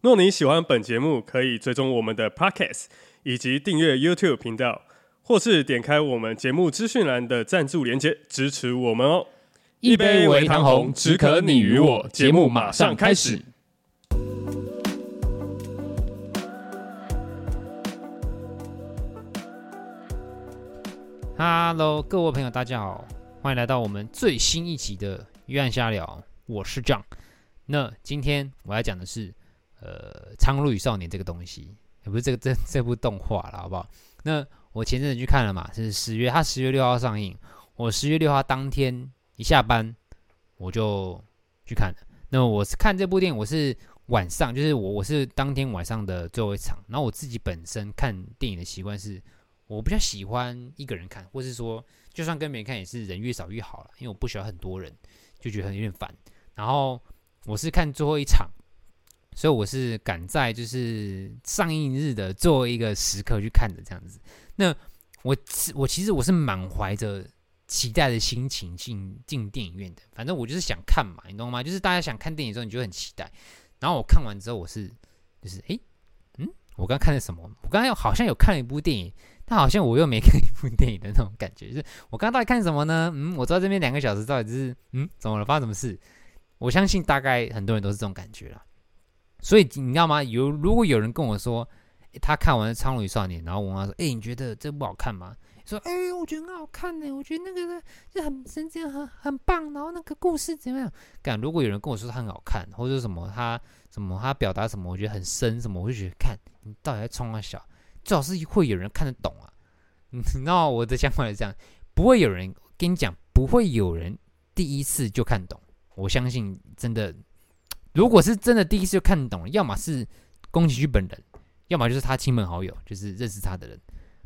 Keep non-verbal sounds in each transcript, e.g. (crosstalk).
若你喜歡本節目，可以追蹤我們的 Podcast，以及訂閱 YouTube 頻道，或是點開我們節目資訊欄的贊助鏈接支持我們哦。一杯微糖紅，只可你與我。節目馬上開始。Hello，各位朋友，大家好，歡迎來到我們最新一集的《約翰瞎聊》，我是 John。那今天我要講的是。呃，《蒼鷺與少年》這個東西，也不是這個這這部動畫啦，好不好？那我前陣子去看了嘛，是十月，他十月六號上映。我十月六號當天一下班，我就去看了。那我是看這部電影，我是晚上，就是我我是當天晚上的最後一場。然後我自己本身看電影的習慣是，我比較喜歡一個人看，或是說就算跟別人看也是人越少越好了，因為我不喜歡很多人，就覺得很有點煩。然後我是看最後一場。所以我是趕在就是上映日的最後一個時刻去看的這樣子。那我我其實我是滿懷着期待的心情進進電影院的。反正我就是想看嘛，你懂嗎？就是大家想看電影的時候，你就很期待。然後我看完之後，我是就是誒、欸、嗯，我剛看了什麼？我剛剛好像有看了一部電影，但好像我又沒看一部電影的那種感覺。就是我剛剛到底看什麼呢？嗯，我坐在這邊兩個小時到底就是嗯怎麼了？發生什麼事？我相信大概很多人都是這種感覺了。所以你知道嗎？有如果有人跟我說，欸、他看完《蒼鷺與少年》，然後我問他說：“哎、欸，你覺得這不好看嗎？”說：“哎、欸、我覺得很好看呢、欸，我覺得那個就很神經很很棒，然後那個故事怎麼樣？看如果有人跟我說他很好看，或者什麼他什麼他表達什麼，什麼什麼我覺得很深，什麼我就覺得看，你到底在衝啊小。最好是會有人看得懂啊。那、嗯、我的想法是這樣，不會有人跟你講，不會有人第一次就看懂。我相信真的。”如果是真的第一次就看懂了，要麼是宮崎駿本人，要麼就是他親朋好友，就是認識他的人，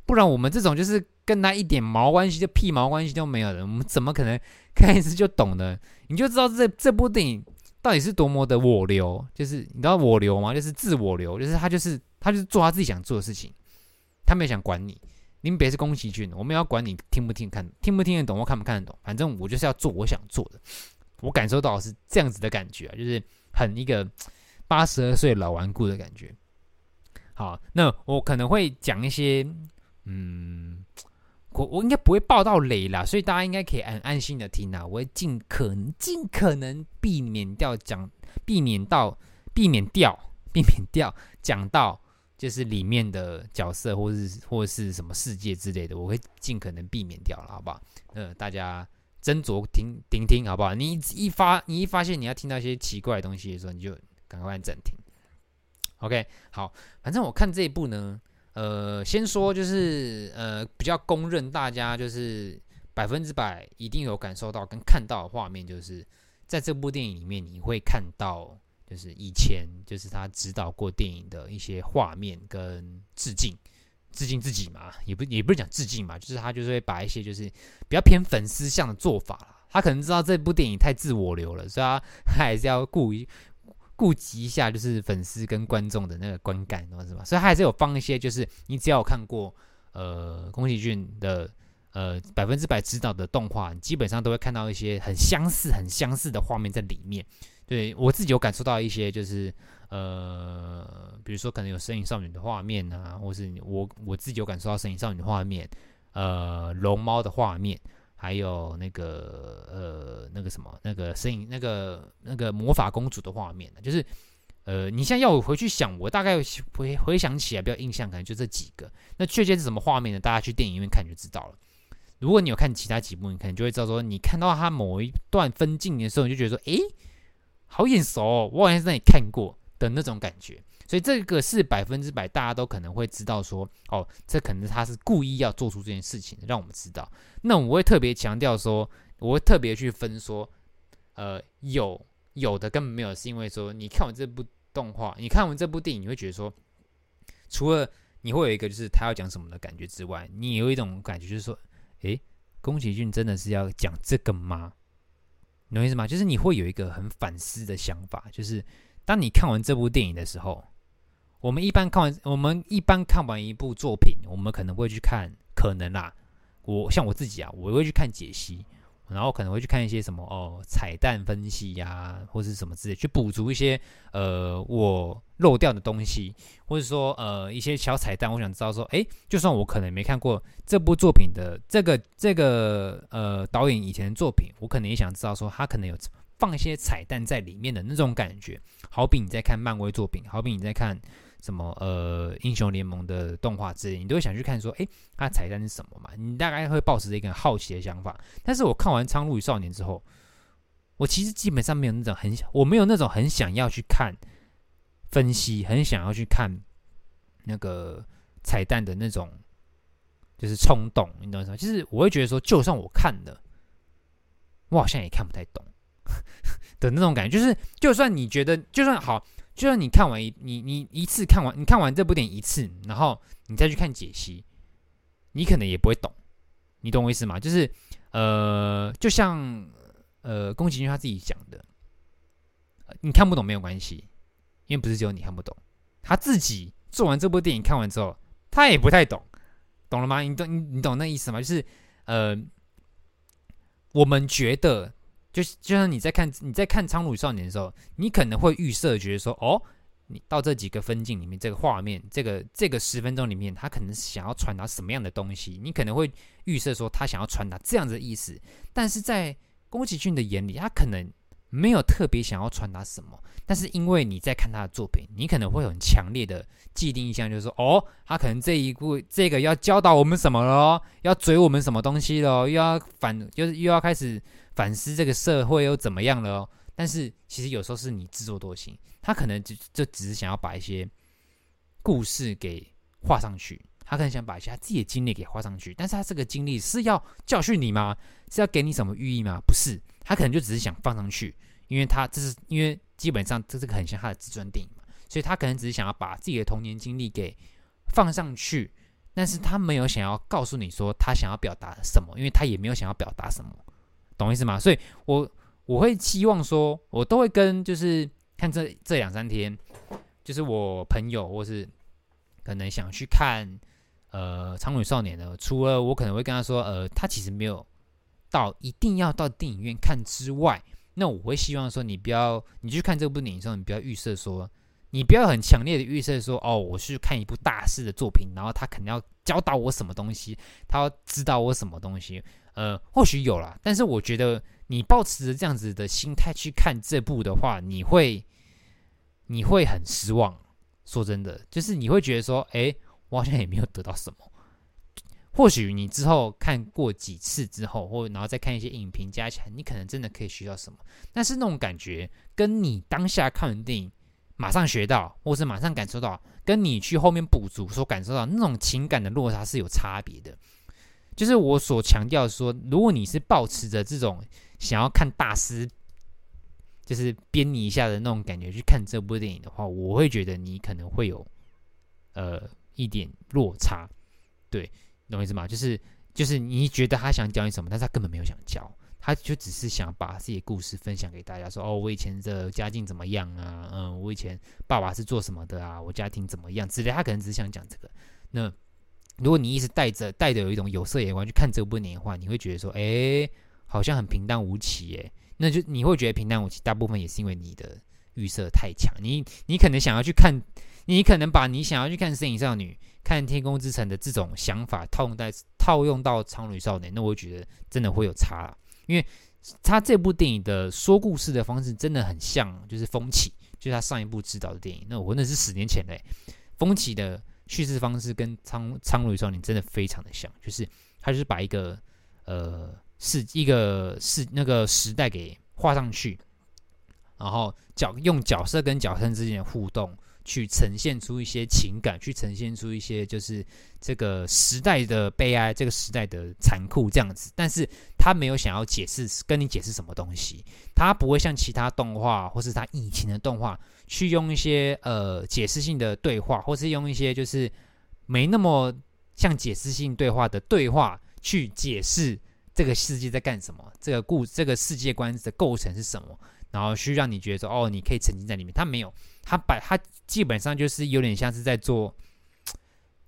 不然我們這種就是跟他一點毛關係，就屁毛關係都沒有的，我們怎麼可能看一次就懂呢？你就知道這這部電影到底是多麼的我流，就是你知道我流嗎？就是自我流，就是他就是他就是做他自己想做的事情，他沒有想管你。林北是宮崎駿，我們要管你聽不聽看，看聽不聽得懂或看不看得懂，反正我就是要做我想做的，我感受到是這樣子的感覺啊，就是。很一個八十二歲老頑固的感覺。好，那我可能會講一些，嗯，我我應該不會爆到雷啦，所以大家應該可以很安心的聽啦，我會盡可能盡可能避免掉講，避免到避免掉避免掉講到就是裡面的角色，或是或是什麼世界之類的，我會盡可能避免掉了，好不好？那大家，斟酌聽聽聽，好不好？你一發，你一發現你要聽到一些奇怪的東西的時候，你就趕快暫停。OK，好，反正我看這一部呢，呃，先說就是呃，比較公認大家就是百分之百一定有感受到跟看到的畫面，就是在這部電影裡面你會看到就是以前就是他指導過電影的一些畫面跟致敬。致敬自己嘛，也不也不是講致敬嘛，就是他就是會把一些就是比較偏粉絲向的做法啦，他可能知道這部電影太自我流了，所以他還是要顧一顧及一下就是粉絲跟觀眾的那個觀感，是吧？所以他還是有放一些就是你只要有看過呃宮崎駿的呃百分之百執導的動畫，你基本上都會看到一些很相似很相似的畫面在裡面。對我自己有感受到一些就是。呃，比如說可能有《神隱少女》的畫面啊，或是我我自己有感受到《神隱少女》的畫面，呃，龍貓的畫面，還有那個呃，那個什麼，那個神隱，那個那個魔法公主的畫面啊，就是呃，你現在要我回去想，我大概回回想起來，比較印象可能就這幾個。那確切是什麼畫面呢？大家去電影院看就知道了。如果你有看其他幾部，你可能就會知道說，你看到它某一段分鏡的時候，你就覺得說，誒、欸，好眼熟哦，我好像在那裡看過。的那種感覺，所以這個是百分之百大家都可能會知道說，哦，這可能他是故意要做出這件事情讓我們知道。那我會特別強調說，我會特別去分說，呃，有有的根本沒有，是因為說你看完這部動畫，你看完這部電影，你會覺得說，除了你會有一個就是他要講什麼的感覺之外，你也有一種感覺就是說、欸，誒，宮崎駿真的是要講這個嗎？你懂意思嗎？就是你會有一個很反思的想法，就是。當你看完這部電影的時候，我們一般看完，我們一般看完一部作品，我們可能會去看可能啦。我像我自己啊，我會去看解析，然後可能會去看一些什麼哦、呃、彩蛋分析呀、啊，或是什麼之類，去補足一些呃我漏掉的東西，或者說呃一些小彩蛋。我想知道說，誒，就算我可能沒看過這部作品的這個這個呃導演以前的作品，我可能也想知道說他可能有放一些彩蛋在裡面的那種感覺。好比你在看漫威作品，好比你在看什麼呃英雄聯盟的動畫之類，你都會想去看說，誒、欸，它彩蛋是什麼嘛？你大概會抱持著一個好奇的想法。但是我看完《蒼鷺與少年》之後，我其實基本上沒有那種很想，我沒有那種很想要去看分析，很想要去看那個彩蛋的那種，就是衝動。你懂嗎？其實我會覺得說，就算我看了，我好像也看不太懂。 (laughs) 的那種感覺，就是就算你覺得，就算好，就算你看完一你你一次看完，你看完這部電影一次，然後你再去看解析，你可能也不會懂。你懂我意思嗎？就是，呃，就像呃宮崎駿他自己講的，你看不懂沒有關係，因為不是只有你看不懂。他自己做完這部電影看完之後，他也不太懂，懂了嗎？你懂你你懂那意思嗎？就是，呃，我們覺得。就就像你在看你在看《蒼鷺與少年》的時候，你可能會預設覺得說，哦，你到這幾個分鏡裡面，這個畫面，這個這個十分鐘裡面，他可能想要傳達什麼樣的東西？你可能會預設說，他想要傳達這樣子的意思。但是在宮崎駿的眼裡，他可能沒有特別想要傳達什麼。但是因為你在看他的作品，你可能會很強烈的既定印象，就是說，哦，他可能這一部這個要教導我們什麼了，哦，要追我們什麼東西了，哦，又要反，就是又要開始。反思這個社會又怎麼樣了哦？但是其實有時候是你自作多情，他可能就就只是想要把一些故事給畫上去，他可能想把一些他自己的經歷給畫上去，但是他這個經歷是要教訓你嗎？是要給你什麼寓意嗎？不是，他可能就只是想放上去，因為他這是因為基本上這是個很像他的自傳電影嘛，所以他可能只是想要把自己的童年經歷給放上去，但是他沒有想要告訴你說他想要表達什麼，因為他也沒有想要表達什麼。懂意思嗎？所以我，我我會希望說，我都會跟就是看這這兩三天，就是我朋友或是可能想去看呃《長女少年》的，除了我可能會跟他說，呃，他其實沒有到一定要到電影院看之外，那我會希望說，你不要你去看這部電影的時候，你不要預設說，你不要很強烈的預設說，哦，我是看一部大師的作品，然後他肯定要教導我什麼東西，他要指導我什麼東西。呃，或許有啦，但是我覺得你抱持着這樣子的心態去看這部的話，你會你會很失望。說真的，就是你會覺得說，哎、欸，我好像也沒有得到什麼。或許你之後看過幾次之後，或然後再看一些影評加起來，你可能真的可以學到什麼。但是那種感覺跟你當下看完電影馬上學到，或是馬上感受到，跟你去後面補足所感受到那種情感的落差是有差別的。就是我所強調說，如果你是抱持着這種想要看大師就是編你一下的那種感覺去看這部電影的話，我會覺得你可能會有呃一點落差，對，懂我意思嗎？就是就是你覺得他想教你什麼，但是他根本沒有想教，他就只是想把自己的故事分享給大家，說，哦，我以前的家境怎麼樣啊，嗯，我以前爸爸是做什麼的啊，我家庭怎麼樣之類，他可能只是想講這個，那，如果你一直帶着帶着有一種有色眼光去看這部電影的話，你會覺得說，哎、欸，好像很平淡無奇、欸，誒，那就你會覺得平淡無奇，大部分也是因為你的預設太強。你你可能想要去看，你可能把你想要去看《神隱少女》、看《天空之城》的這種想法套用在套用到《蒼鷺與少年》，那我覺得真的會有差啦，因為他這部電影的說故事的方式真的很像，就是風起，就是他上一部執導的電影，那我那是十年前嘞、欸，風起的。敘事方式跟《蒼蒼鷺與少年》真的非常的像，就是他就是把一個呃，是一個是那個時代給畫上去，然後角用角色跟角色之間的互動。去呈現出一些情感，去呈現出一些就是這個時代的悲哀，這個時代的殘酷這樣子。但是他沒有想要解釋跟你解釋什麼東西，他不會像其他動畫或是他以前的動畫，去用一些呃解釋性的對話，或是用一些就是沒那麼像解釋性對話的對話去解釋這個世界在幹什麼，這個故這個世界觀的構成是什麼，然後去讓你覺得說哦，你可以沉浸在裡面。他沒有。他把他基本上就是有點像是在做，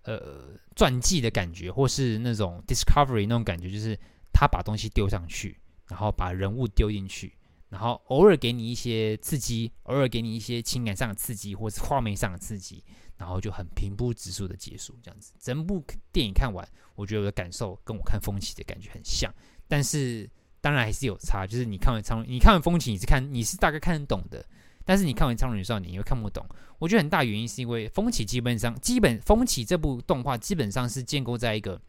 呃，傳記的感覺，或是那種 discovery 那種感覺，就是他把東西丟上去，然後把人物丟進去，然後偶爾給你一些刺激，偶爾給你一些情感上的刺激，或是畫面上的刺激，然後就很平鋪直敘的結束這樣子。整部電影看完，我覺得我的感受跟我看《風起》的感覺很像，但是當然還是有差。就是你看完《蒼》，你看完《風起》，你是看你是大概看得懂的。但是你看完《蒼鷺與少年》，你會看不懂，我覺得很大原因是因為《風起》基本上，基本《風起》這部動畫基本上是建構在一個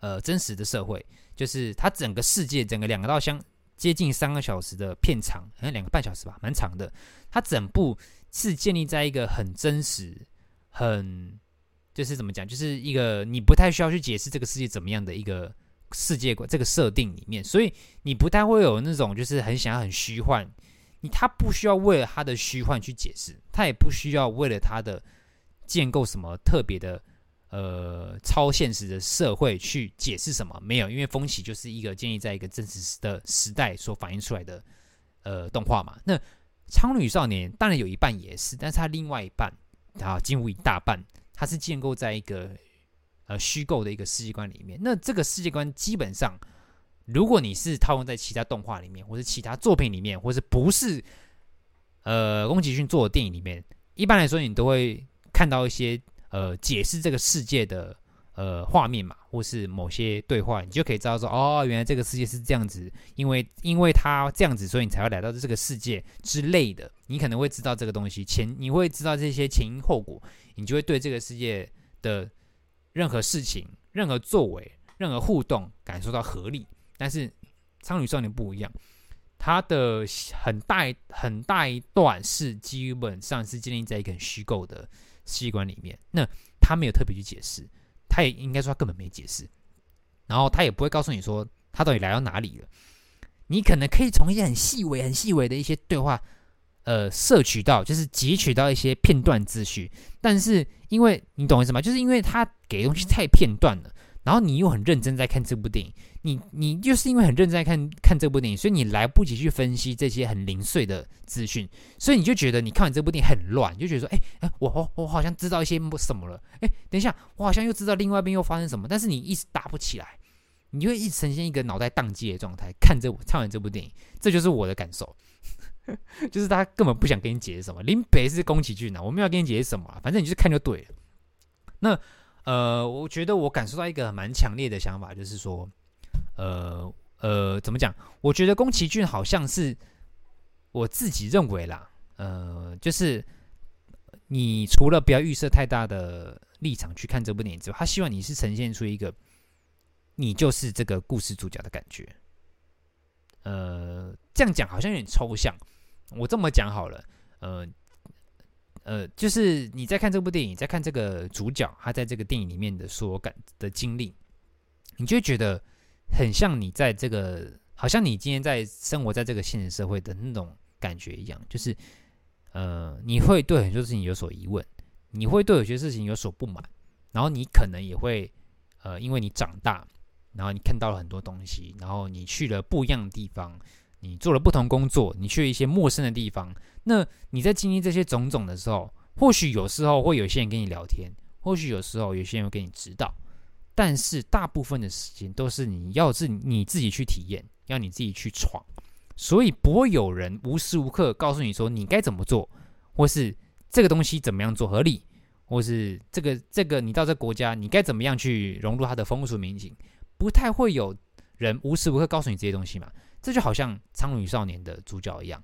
呃真實的社會，就是它整個世界，整個兩個到相接近三個小時的片長，好像兩個半小時吧，蠻長的。它整部是建立在一個很真實、很就是怎麼講，就是一個你不太需要去解釋這個世界怎麼樣的一個世界觀，這個設定裡面，所以你不太會有那種就是很想要很虛幻。你他不需要為了他的虛幻去解釋，他也不需要為了他的建構什麼特別的呃超現實的社會去解釋什麼沒有，因為風起就是一個建立在一個真實的時代所反映出來的呃動畫嘛。那蒼鷺與少年當然有一半也是，但是他另外一半啊幾乎一大半，它是建構在一個呃虛構的一個世界觀裡面。那這個世界觀基本上。如果你是套用在其他動畫裡面，或者其他作品裡面，或是不是呃宮崎駿做的電影裡面，一般來說你都會看到一些呃解釋這個世界的呃畫面嘛，或是某些對話，你就可以知道說哦，原來這個世界是這樣子，因為因為他這樣子，所以你才會來到這個世界之類的。你可能會知道這個東西前，你會知道這些前因後果，你就會對這個世界的任何事情、任何作為、任何互動感受到合理。但是《蒼鷺與少年》不一樣，他的很大很大一段是基於本上，是建立在一個很虛構的世界觀裡面。那他沒有特別去解釋，他也應該說他根本沒解釋，然後他也不會告訴你說他到底來到哪裡了。你可能可以從一些很細微、很細微的一些對話，呃，攝取到，就是汲取到一些片段資訊。但是因為你懂我意思嗎？就是因為他給的東西太片段了。然後你又很認真在看這部電影你，你你就是因為很認真在看看這部電影，所以你來不及去分析這些很零碎的資訊，所以你就覺得你看完這部電影很亂，就覺得說，哎哎，我我，我好像知道一些什麼了，哎，等一下，我好像又知道另外一邊又發生什麼，但是你一直打不起來，你就會一直呈現一個腦袋宕機的狀態看這，看着我看完這部電影，這就是我的感受，就是大家根本不想跟你解釋什麼，林北是宮崎駿的，我們要跟你解釋什麼、啊？反正你去看就對了，那。呃，我覺得我感受到一個蠻強烈的想法，就是說，呃呃，怎麼講？我覺得宮崎駿好像是我自己認為啦，呃，就是你除了不要預設太大的立場去看這部電影之外，他希望你是呈現出一個你就是這個故事主角的感覺。呃，這樣講好像有點抽象，我這麼講好了，呃。呃，就是你在看這部電影，在看這個主角，他在這個電影裡面的所感的經歷，你就覺得很像你在這個，好像你今天在生活在這個現實社會的那種感覺一樣，就是呃，你會對很多事情有所疑問，你會對有些事情有所不滿，然後你可能也會呃，因為你長大，然後你看到了很多東西，然後你去了不一樣的地方，你做了不同工作，你去了一些陌生的地方。那你在經歷這些種種的時候，或許有時候會有些人跟你聊天，或許有時候有些人會給你指導，但是大部分的事情都是你要是你自己去體驗，要你自己去闖，所以不會有人無時無刻告訴你說你該怎麼做，或是這個東西怎麼樣做合理，或是這個這個你到這個國家你該怎麼樣去融入他的風俗民情，不太會有人無時無刻告訴你這些東西嘛。這就好像《蒼鷺與少年》的主角一樣。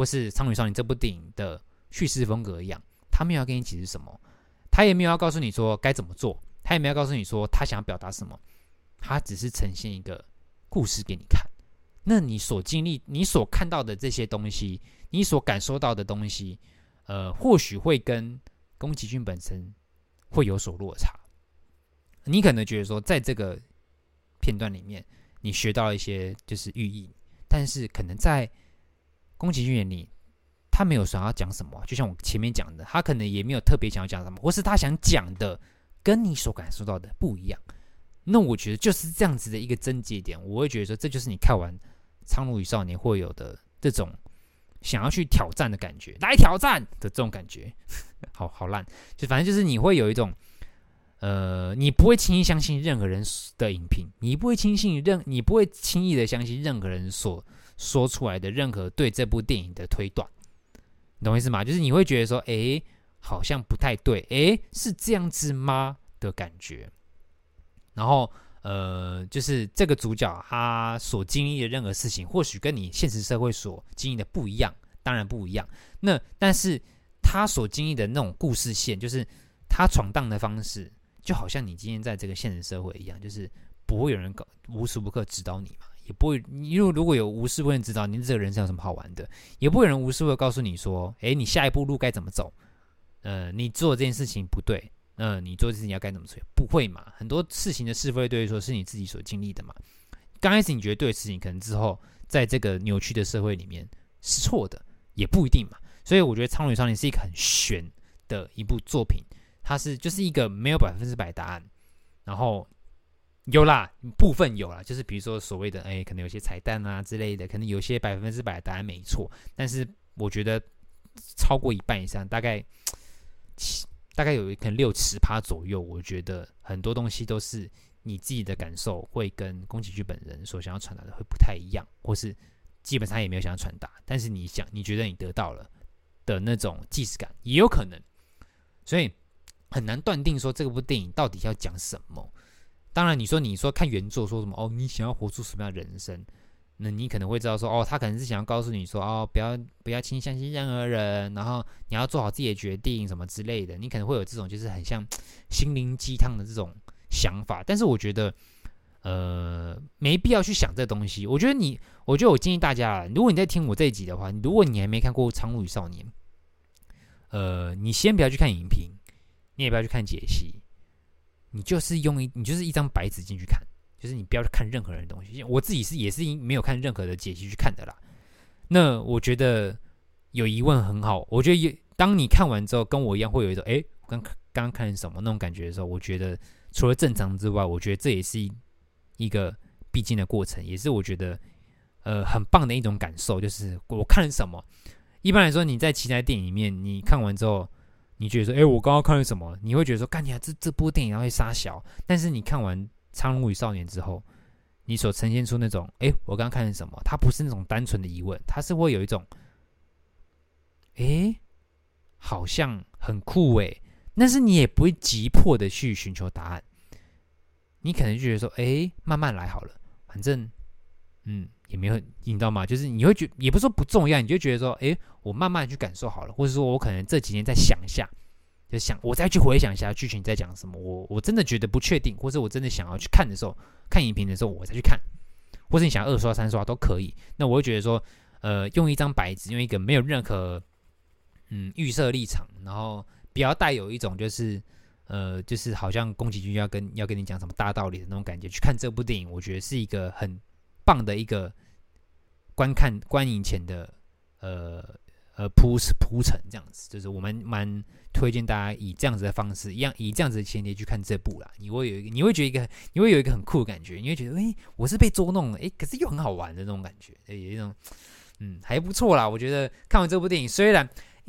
或是《蒼鷺與少年》這部電影的敘事風格一樣，他沒有要跟你解釋什麼，他也沒有要告訴你說該怎麼做，他也沒有告訴你說他想要表達什麼，他只是呈現一個故事給你看。那你所經歷、你所看到的這些東西，你所感受到的東西，呃，或許會跟宮崎駿本身會有所落差。你可能覺得說，在這個片段裡面，你學到一些就是寓意，但是可能在。宮崎駿眼裡，他沒有想要講什麼，就像我前面講的，他可能也沒有特別想要講什麼，或是他想講的跟你所感受到的不一樣。那我覺得就是這樣子的一個症結點，我會覺得說這就是你看完《蒼鷺與少年》會有的這種想要去挑戰的感覺，來挑戰的這種感覺。 (laughs) 好好爛，就反正就是你會有一種，呃，你不會輕易相信任何人的影評，你不會輕信任，你不會輕易的相信任何人所。說出來的任何對這部電影的推斷，你懂意思嗎？就是你會覺得說，哎，好像不太對，哎，是這樣子嗎？的感覺。然後，呃，就是這個主角他、啊、所經歷的任何事情，或許跟你現實社會所經歷的不一樣，當然不一樣。那但是他所經歷的那種故事線，就是他闖蕩的方式，就好像你今天在這個現實社會一樣，就是不會有人搞無時無刻指導你嘛。也不會，因為如果有無師不會知道您這個人生有什麼好玩的，也不會有人無師會告訴你說，誒、欸，你下一步路該怎麼走？呃，你做這件事情不對，呃，你做這件事情要該怎麼處理？不會嘛？很多事情的是非對錯，是你自己所經歷的嘛？剛開始你覺得對的事情，可能之後在這個扭曲的社會裡面是錯的，也不一定嘛。所以我覺得《蒼鷺與少年》是一個很玄的一部作品，它是就是一個沒有百分之百的答案，然後。有啦，部分有啦，就是比如說所謂的，哎、欸，可能有些彩蛋啊之類的，可能有些百分之百的答案沒錯，但是我覺得超過一半以上，大概七，大概有可能六七趴左右，我覺得很多東西都是你自己的感受會跟宮崎駿本人所想要傳達的會不太一樣，或是基本上也沒有想要傳達，但是你想你覺得你得到了的那種既視感也有可能，所以很難斷定說這部電影到底要講什麼。當然，你說你說看原作說什麼哦？你想要活出什麼樣的人生？那你可能會知道說哦，他可能是想要告訴你說哦，不要不要輕易相信任何人，然後你要做好自己的決定什麼之類的。你可能會有這種就是很像心靈雞湯的這種想法。但是我覺得呃沒必要去想這東西。我覺得你，我覺得我建議大家，如果你在聽我這一集的話，如果你還沒看過《蒼鷺與少年》，呃，你先不要去看影評，你也不要去看解析。你就是用一，你就是一張白紙進去看，就是你不要看任何人的東西。我自己是也是沒有看任何的解析去看的啦。那我覺得有疑問很好，我覺得有，當你看完之後，跟我一樣會有一種哎，剛、欸、剛看什麼那種感覺的時候，我覺得除了正常之外，我覺得這也是一，一個必經的過程，也是我覺得呃很棒的一種感受，就是我看了什麼。一般來說，你在其他電影裡面，你看完之後。你覺得說，哎、欸，我剛剛看了什麼？你會覺得說，看起來這這部電影會殺小。但是你看完《蒼鷺與少年》之後，你所呈現出那種，哎、欸，我剛剛看什麼？它不是那種單純的疑問，它是會有一種，哎、欸，好像很酷哎，但是你也不會急迫地去尋求答案。你可能就覺得說，哎、欸，慢慢來好了，反正，嗯。也沒有，你知道嗎？就是你會覺得，也不是說不重要，你就覺得說，哎、欸，我慢慢去感受好了，或者說，我可能這幾天再想一下，就想我再去回想一下劇情在講什麼。我我真的覺得不確定，或者我真的想要去看的時候，看影評的時候，我再去看。或者你想二刷三刷都可以。那我會覺得說，呃，用一張白紙，用一個沒有任何嗯預設立場，然後不要帶有一種就是呃，就是好像宮崎駿要跟要跟你講什麼大道理的那種感覺去看這部電影，我覺得是一個很。放的一個觀看觀影前的呃呃鋪鋪陳這樣子，就是我們蠻推薦大家以這樣子的方式，一樣以這樣子的前提去看這部啦。你會有一個你會覺得一個你會有一個很酷的感覺，你會覺得哎、欸，我是被捉弄了哎、欸，可是又很好玩的那種感覺，欸、有一種嗯還不錯啦。我覺得看完這部電影，雖然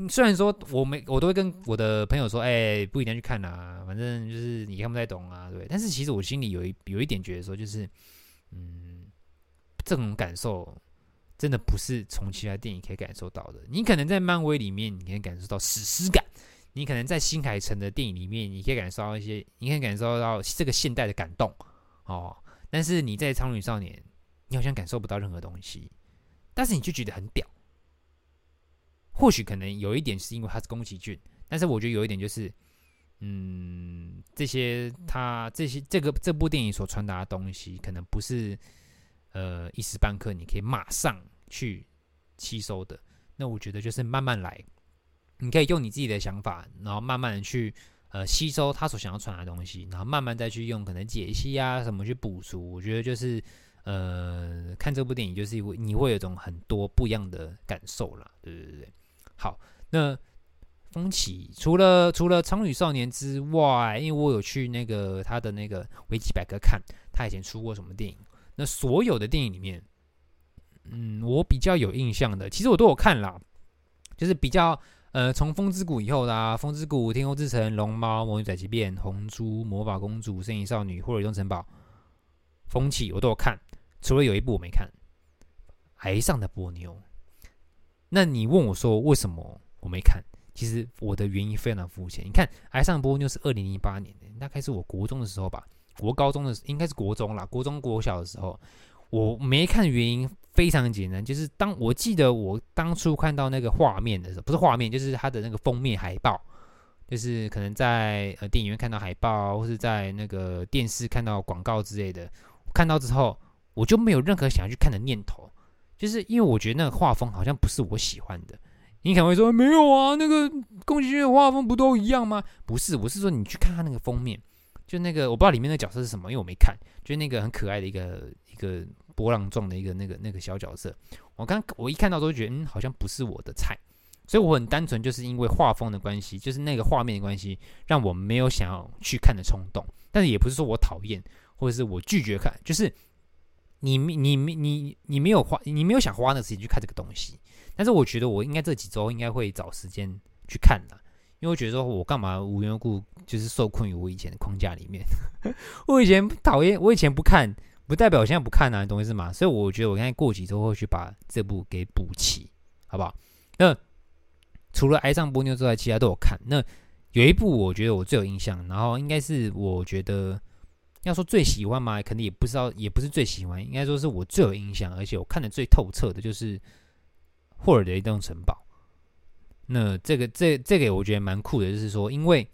雖然說我沒我都會跟我的朋友說，哎、欸，不一定要去看啊，反正就是你看不太懂啊，對。但是其實我心裡有一有一點覺得說，就是嗯。這種感受真的不是從其他電影可以感受到的。你可能在漫威裡面，你可以感受到史詩感；你可能在《新海誠》的電影裡面，你可以感受到一些，你可以感受到這個現代的感動。哦，但是你在《蒼鷺與少年》，你好像感受不到任何東西，但是你就覺得很屌。或許可能有一點是因為他是宮崎駿，但是我覺得有一點就是，嗯，這些他這些這個這部電影所傳達的東西，可能不是。呃，一時半刻你可以馬上去吸收的，那我覺得就是慢慢來。你可以用你自己的想法，然後慢慢去呃吸收他所想要傳達的東西，然後慢慢再去用可能解析啊什麼去補足。我覺得就是呃看這部電影就是你會有一種很多不一樣的感受啦，對對對對。好，那風起除了除了《蒼鷺與少年》之外，因為我有去那個他的那個維基百科看他以前出過什麼電影。那所有的電影裡面，嗯，我比較有印象的，其實我都有看啦，就是比較呃，從、啊《風之谷》以後啦，《風之谷》《天空之城》《龍貓》《魔女宅急便》《紅豬》《魔法公主》《神隱少女》《霍爾移動城堡》《風起》，我都有看，除了有一部我沒看，《崖上的波妞》。那你問我說為什麼我沒看？其實我的原因非常膚淺。你看，《崖上波妞》是二零零八年，大概是我國中的時候吧。國高中的時候，應該是國中啦，國中國小的時候，我沒看原因非常簡單，就是當我記得我當初看到那個畫面的時候，不是畫面，就是它的那個封面海報，就是可能在呃電影院看到海報，或是在那個電視看到廣告之類的，看到之後我就沒有任何想要去看的念頭，就是因為我覺得那個畫風好像不是我喜歡的。你可能會說沒有啊，那個宮崎駿的畫風不都一樣嗎？不是，我是說你去看他那個封面。就那個我不知道裡面的角色是什麼，因為我沒看。就那個很可愛的一個一個波浪狀的一個那個那個小角色，我剛我一看到都覺得嗯，好像不是我的菜，所以我很單純就是因為畫風的關係，就是那個畫面的關係讓我沒有想要去看的衝動。但是也不是說我討厭或者是我拒絕看，就是你你你你，你沒有花你沒有想花那個時間去看這個東西。但是我覺得我應該這幾周應該會找時間去看啦。因為我覺得，說我幹嘛無緣無故就是受困於我以前的框架裡面？我以前討厭，我以前不看，不代表我現在不看吶、啊。懂意思嗎？所以我覺得，我現在過幾周會去把這部給補齊，好不好？那除了《愛上波妞》之外，其他都有看。那有一部我覺得我最有印象，然後應該是我覺得要說最喜歡嘛，肯定也不知道，也不是最喜歡，應該說是我最有印象，而且我看的最透徹的就是霍爾的移動城堡。那這個這這個我覺得蠻酷的，就是說，因為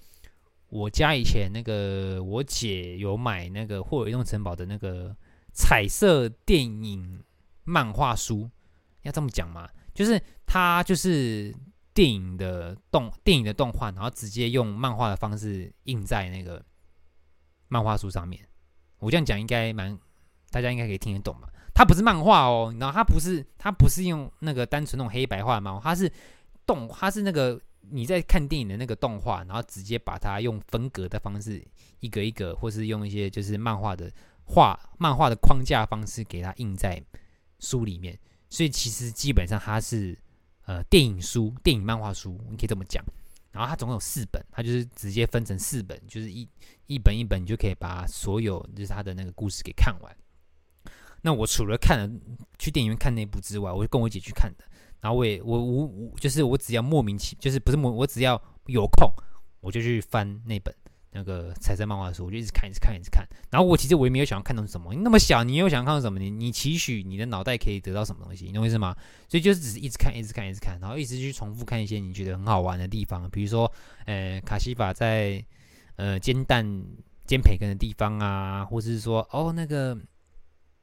我家以前那個我姐有買那個《霍爾移動城堡》的那個彩色電影漫畫書，要這麼講嗎？就是它就是電影的動電影的動畫，然後直接用漫畫的方式印在那個漫畫書上面。我這樣講應該蠻大家應該可以聽得懂吧？它不是漫畫哦，然後它不是它不是用那個單純那種黑白畫的漫畫嘛，它是。動，它是那個你在看電影的那個動畫，然後直接把它用分格的方式，一個一個，或是用一些就是漫畫的畫、漫畫的框架方式給它印在書裡面。所以其實基本上它是呃電影書、電影漫畫書，你可以這麼講。然後它總共有四本，它就是直接分成四本，就是一一本一本，你就可以把所有就是它的那個故事給看完。那我除了看了去電影院看那部之外，我是跟我姐去看的。然後我也我我我就是我只要莫名其妙就是不是莫，我只要有空我就去翻那本那個彩色漫畫書，我就一直看一直看一直看，然後我其實我也沒有想要看到什麼，你那麼小你又想看到什麼？你你期許你的腦袋可以得到什麼東西，你懂我意思嗎？所以就是只是一直看一直看一直看，然後一直去重複看一些你覺得很好玩的地方，比如說呃卡西法在呃煎蛋煎培根的地方啊，或者是說哦那個。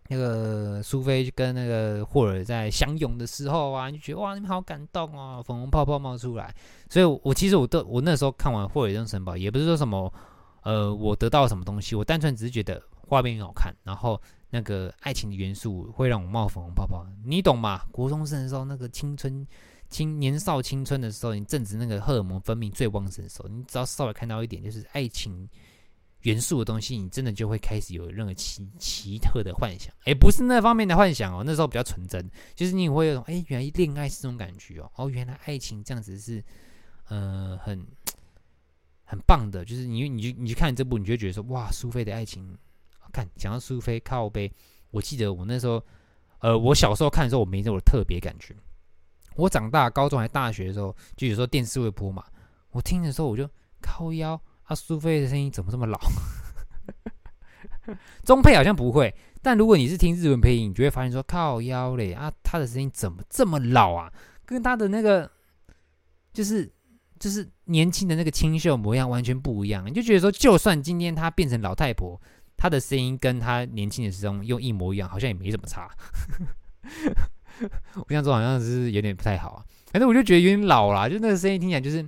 那個蘇菲跟那個霍爾在相擁的時候啊，就覺得哇，你們好感動哦、啊，粉紅泡泡冒出來。所以我，我其實我都我那時候看完《霍爾登城堡》，也不是說什麼，呃，我得到了什麼東西，我單純只是覺得畫面很好看，然後那個愛情的元素會讓我冒粉紅泡泡，你懂嗎？國中生的時候，那個青春、青年少青春的時候，你正值那個荷爾蒙分泌最旺盛的時候，你只要稍微看到一點，就是愛情。元素的東西，你真的就會開始有任何奇奇特的幻想，誒、欸，不是那方面的幻想哦。那時候比較純真，就是你會有種誒、欸，原來戀愛是這種感覺哦，哦，原來愛情這樣子是，嗯、呃，很，很棒的。就是你，你就你去看這部，你就會覺得說，哇，蘇菲的愛情，好看，講到蘇菲靠背，我記得我那時候，呃，我小時候看的時候，我沒那種特別感覺。我長大，高中還大學的時候，就有時候電視會播嘛，我聽的時候我就靠腰。啊，蘇菲的聲音怎麼這麼老？中 (laughs) 配好像不會，但如果你是聽日文配音，你就會發現說靠腰嘞，啊，她的聲音怎麼這麼老啊？跟她的那個就是就是年輕的那個清秀模樣完全不一樣，你就覺得說，就算今天她變成老太婆，她的聲音跟她年輕的時候又一模一樣，好像也沒什麼差。 (laughs) 我想說好像是有點不太好啊，反正我就覺得有點老啦，就那個聲音聽起來就是。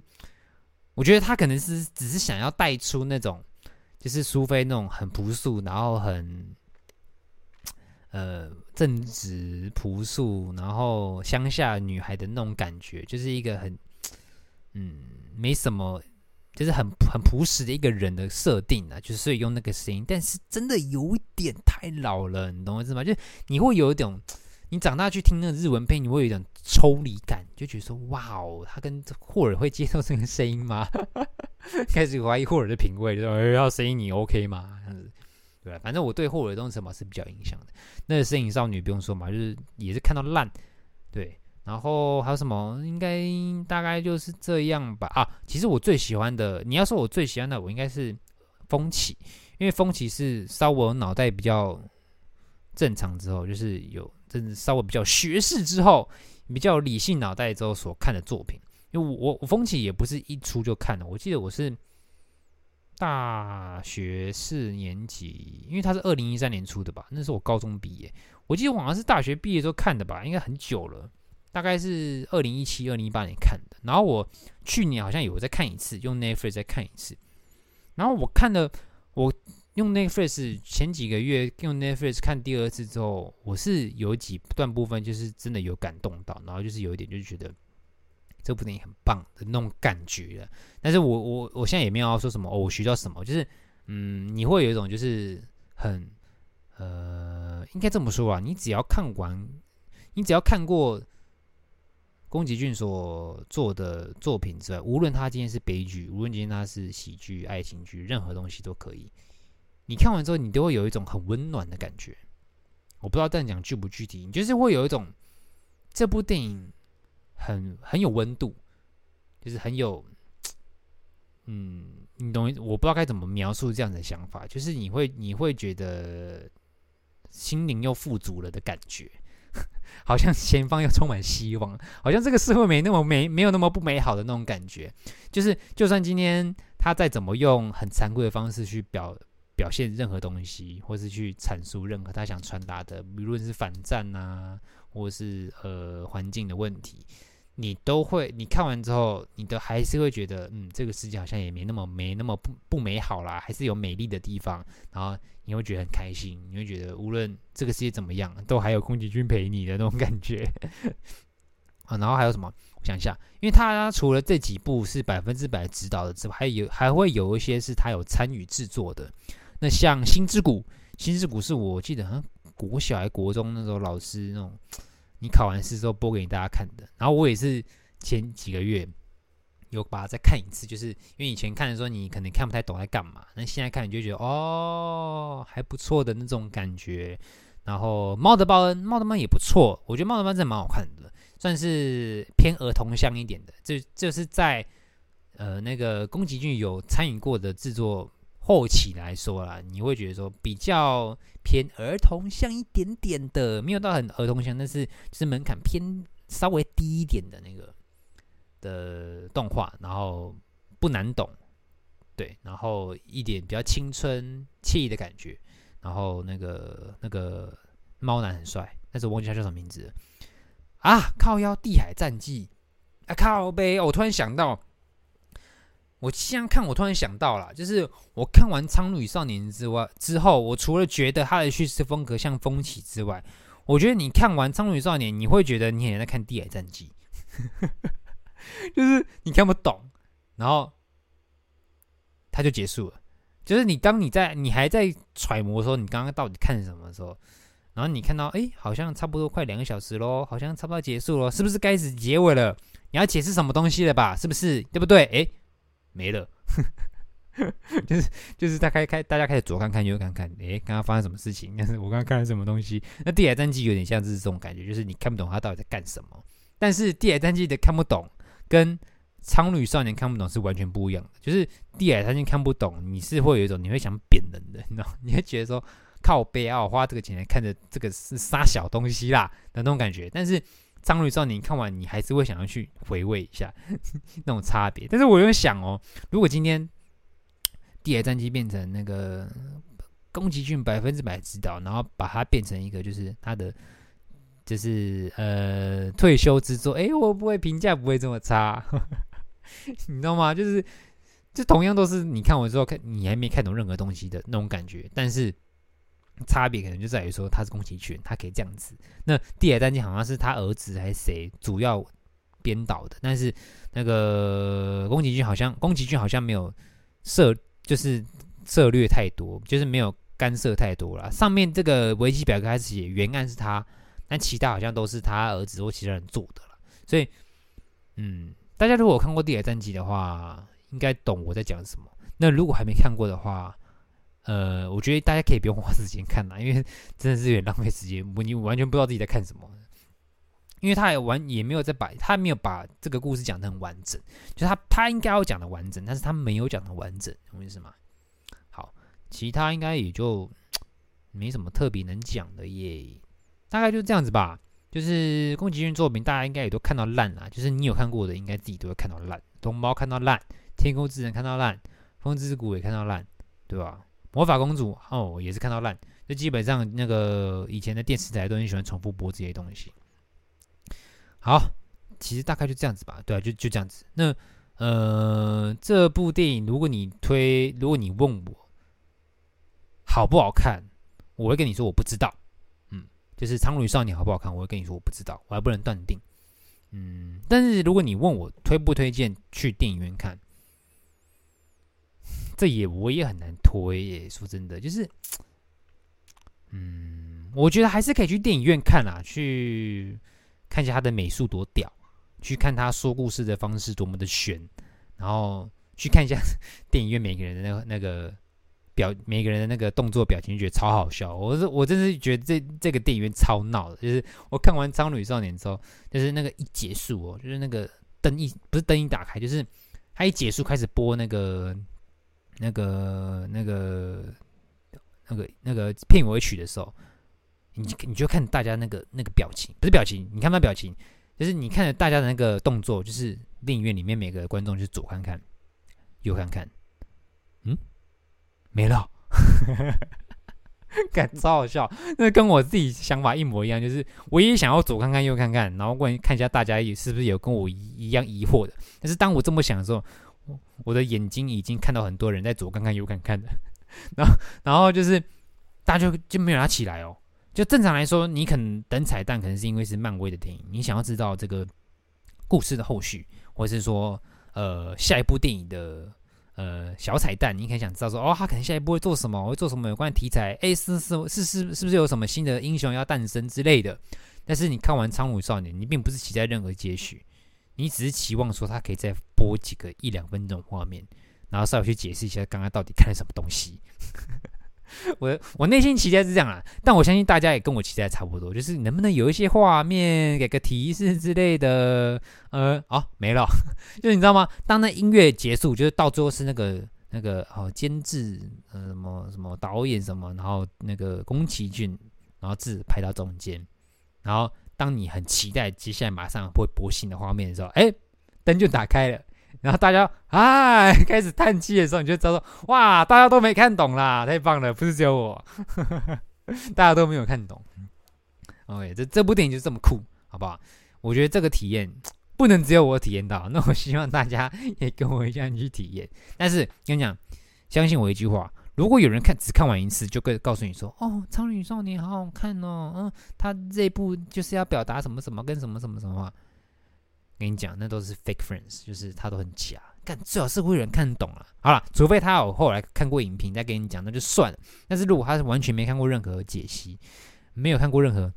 我覺得他可能是只是想要帶出那種，就是蘇菲那種很樸素，然後很，呃，正直、樸素，然後鄉下女孩的那種感覺，就是一個很，嗯，沒什麼，就是很很樸實的一個人的設定啊，就是用那個聲音，但是真的有點太老了，你懂我意思嗎？就你會有一種。你長大去聽那個日文配音，你會有一種抽離感，就覺得說：“哇哦，他跟霍爾會接受這個聲音嗎？”開始懷疑霍爾的品味，就說：“哎，聲音你 OK 嗎？”這樣子，對，反正我對霍爾的東什麼是比較影響的。那個《身影少女》不用說嘛，就是也是看到爛，對。然後還有什麼？應該大概就是這樣吧。啊，其實我最喜歡的，你要說我最喜歡的，我應該是《風起》，因為《風起》是燒我腦袋比較正常之後，就是有。稍微比較學士之後，比較理性腦袋之後所看的作品，因為我我，我風起也不是一出就看的，我記得我是大學四年級，因為它是二零一三年出的吧，那是我高中畢業，我記得我好像是大學畢業之後看的吧，應該很久了，大概是二零一七、二零一八年看的，然後我去年好像有再看一次，用 Netflix 再看一次，然後我看的我，用 Netflix 前幾個月用 Netflix 看第二次之後，我是有幾段部分就是真的有感動到，然後就是有一點就覺得這部電影很棒的那種感覺了。但是我我我現在也沒有要說什麼，我學到什麼，就是嗯，你會有一種就是很呃，應該這麼說吧，你只要看完，你只要看過宮崎駿所做的作品之外，無論他今天是悲劇，無論今天他是喜劇、愛情劇，任何東西都可以。你看完之後，你都會有一種很溫暖的感覺。我不知道這樣講具不具體，你就是會有一種這部電影很很有溫度，就是很有，嗯，你懂？我不知道該怎麼描述這樣的想法，就是你會你會覺得心靈又富足了的感覺，好像前方又充滿希望，好像這個社會沒那麼沒沒有那麼不美好的那種感覺。就是就算今天他再怎麼用很殘酷的方式去表表現任何東西，或是去闡述任何他想傳達的，不論是反戰啊，或是呃環境的問題，你都會你看完之後，你都還是會覺得，嗯，這個世界好像也沒那麼沒那麼不不美好啦，還是有美麗的地方，然後你會覺得很開心，你會覺得無論這個世界怎麼樣，都還有宮崎駿陪你的那種感覺。好、 (laughs) 啊、然後還有什麼？我想一下，因為他除了這幾部是百分之百指導的之外，還有還會有一些是他有參與製作的。那像《心之谷》，《心之谷》是我記得，啊、國小還、國中那時候老師那種，你考完試之後播給大家看的。然後我也是前幾個月有把它再看一次，就是因為以前看的時候你可能看不太懂在幹嘛，那現在看你就覺得哦，還不錯的那種感覺。然後德《貓的報恩》，《貓的報恩》也不錯，我覺得《貓的報恩》真的蠻好看的，算是偏兒童向一點的。這這、就是在呃那個宮崎駿有參與過的製作。後期來說啦，你會覺得說比較偏兒童向一點點的，沒有到很兒童向，但是就是門檻偏稍微低一點的那個的動畫，然後不難懂，對，然後一點比較青春愜意的感覺，然後那個那個貓男很帥，但是我忘記他叫什麼名字啊！靠腰地海戰記啊靠北，我突然想到。我現在看，我突然想到了，就是我看完《蒼鷺與少年》之外之後，我除了覺得它的敘事風格像風起之外，我覺得你看完《蒼鷺與少年》，你會覺得你也在看《地海戰記》，就是你看不懂，然後它就結束了。就是你當你在你還在揣摩說你剛剛到底看什麼的時候，然後你看到哎、欸，好像差不多快兩個小時嘍，好像差不多結束了，是不是該是結尾了？你要解釋什麼東西了吧？是不是？對不對？哎。沒了、 (laughs) 就是，就是就是，大家開大家開始左看看右看看，誒、欸，剛剛發生什麼事情？但是我剛剛看了什麼東西？那《地海戰記》有點像是這種感覺，就是你看不懂他到底在幹什麼。但是《地海戰記》的看不懂跟《蒼鷺少年》看不懂是完全不一樣的。就是《地海戰記》看不懂，你是會有一種你會想扁人的，你知道？你會覺得說靠北啊，花這個錢來看著這個是殺小東西啦的那種感覺。但是蒼鷺與少年：“你看完，你還是會想要去回味一下 (laughs) 那種差別。但是我又想哦，如果今天《地海戰記》變成那個宮崎駿百分之百執導，然後把它變成一個就是他的，就是呃退休之作，誒，我不會評價不會這麼差， (laughs) 你知道嗎？就是，就同樣都是你看完之後看，你還沒看懂任何東西的那種感覺，但是。”差別可能就在於說他是宮崎駿，他可以這樣子。那《地海戰記》好像是他兒子還是誰主要編導的，但是那個宮崎駿好像宮崎駿好像沒有涉，就是涉略太多，就是沒有干涉太多了。上面這個維基表格開始寫原案是他，但其他好像都是他兒子或其他人做的了。所以，嗯，大家如果看過《地海戰記》的話，應該懂我在講什麼。那如果還沒看過的話，呃，我覺得大家可以不用花時間看啦，因為真的是有點浪費時間。你完全不知道自己在看什麼，因為他也完也沒有在把，他沒有把這個故事講的很完整。就他他應該要講的完整，但是他沒有講的完整，懂我意思嗎？好，其他應該也就沒什麼特別能講的耶，大概就這樣子吧。就是宮崎駿作品，大家應該也都看到爛啦。就是你有看過的，應該自己都會看到爛，龍貓看到爛，天空之城看到爛，風之谷也看到爛，對吧？魔法公主哦，也是看到爛，就基本上那個以前的電視台都很喜歡重複播這些東西。好，其實大概就這樣子吧，對啊，就就這樣子。那呃，這部電影如果你推，如果你問我好不好看，我會跟你說我不知道，嗯，就是《蒼鷺少女》好不好看，我會跟你說我不知道，我還不能斷定。嗯，但是如果你問我推不推薦去電影院看？這也我也很難推耶，說真的，就是，嗯，我覺得還是可以去電影院看啊，去看一下他的美術多屌，去看他說故事的方式多麼的懸，然後去看一下電影院每個人的那個那個表，每個人的那個動作表情，覺得超好笑。我是我真是覺得這這個電影院超鬧的，就是我看完《張女少年》之後，就是那個一結束哦，就是那個燈一不是燈一打開，就是他一結束開始播那個。那個、那個、那個、那個片尾曲的時候，你你就看大家那個那個表情，不是表情，你看他表情，就是你看着大家的那個動作，就是電影院裡面每個觀眾就左看看，右看看，嗯，沒了 (laughs) 感，感超好笑，那跟我自己想法一模一樣，就是我也想要左看看右看看，然後問看一下大家也是不是有跟我一樣疑惑的，但是當我這麼想的時候。我的眼睛已經看到很多人在左看看右看看的，然後然後就是大家就就沒有他起來哦。就正常來說，你可能等彩蛋，可能是因為是漫威的電影，你想要知道這個故事的後續，或是說呃下一部電影的呃小彩蛋，你可能想知道說哦，他可能下一部會做什麼，會做什麼有關題材？哎，是是是是不是有什麼新的英雄要誕生之類的？但是你看完《蒼鷺少年》，你並不是期待任何結局，你只是期望說他可以在。播幾個一兩分鐘畫面，然後稍微去解釋一下剛剛到底看了什麼東西。 (laughs) 我我內心期待是這樣啊，但我相信大家也跟我期待差不多，就是能不能有一些畫面給個提示之類的。呃、嗯，好、哦，沒了。 (laughs) 就是你知道嗎？當那音樂結束，就是到最後是那個那個哦，監製呃什麼什麼導演什麼，然後那個宮崎駿，然後自拍到中間，然後當你很期待接下來馬上會播新的畫面的時候，哎，燈就打開了。然後大家哎，開始嘆氣的時候，你就知道說，哇，大家都沒看懂啦，太棒了，不是只有我，呵呵，大家都沒有看懂。OK，這這部電影就這麼酷，好不好？我覺得這個體驗不能只有我體驗到，那我希望大家也跟我一樣去體驗。但是跟你講，相信我一句話，如果有人看只看完一次，就告訴你說，哦，《蒼鷺與少年》好好看哦，嗯，他這部就是要表達什麼什麼跟什麼什麼什麼話。跟你講，那都是 fake friends，就是他都很假。但最好是會有人看得懂了、啊。好了，除非他有後來看過影評再跟你講，那就算了。但是如果他是完全沒看過任何解析，沒有看過任何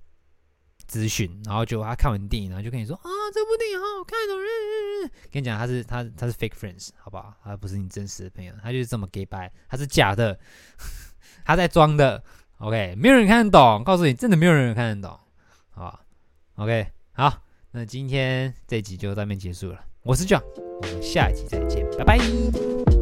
資訊，然後就他看完電影然後就跟你說啊，這部電影好好看哦。嗯嗯嗯。跟你講，他是他他是 fake friends，好不好？他不是你真實的朋友，他就是這麼 gay by 他是假的， (laughs) 他在裝的。OK，沒有人看得懂，告訴你真的沒有人看得懂，好 OK，好。那今天這集就到這邊結束了，我是 John，我們下一集再見，拜拜。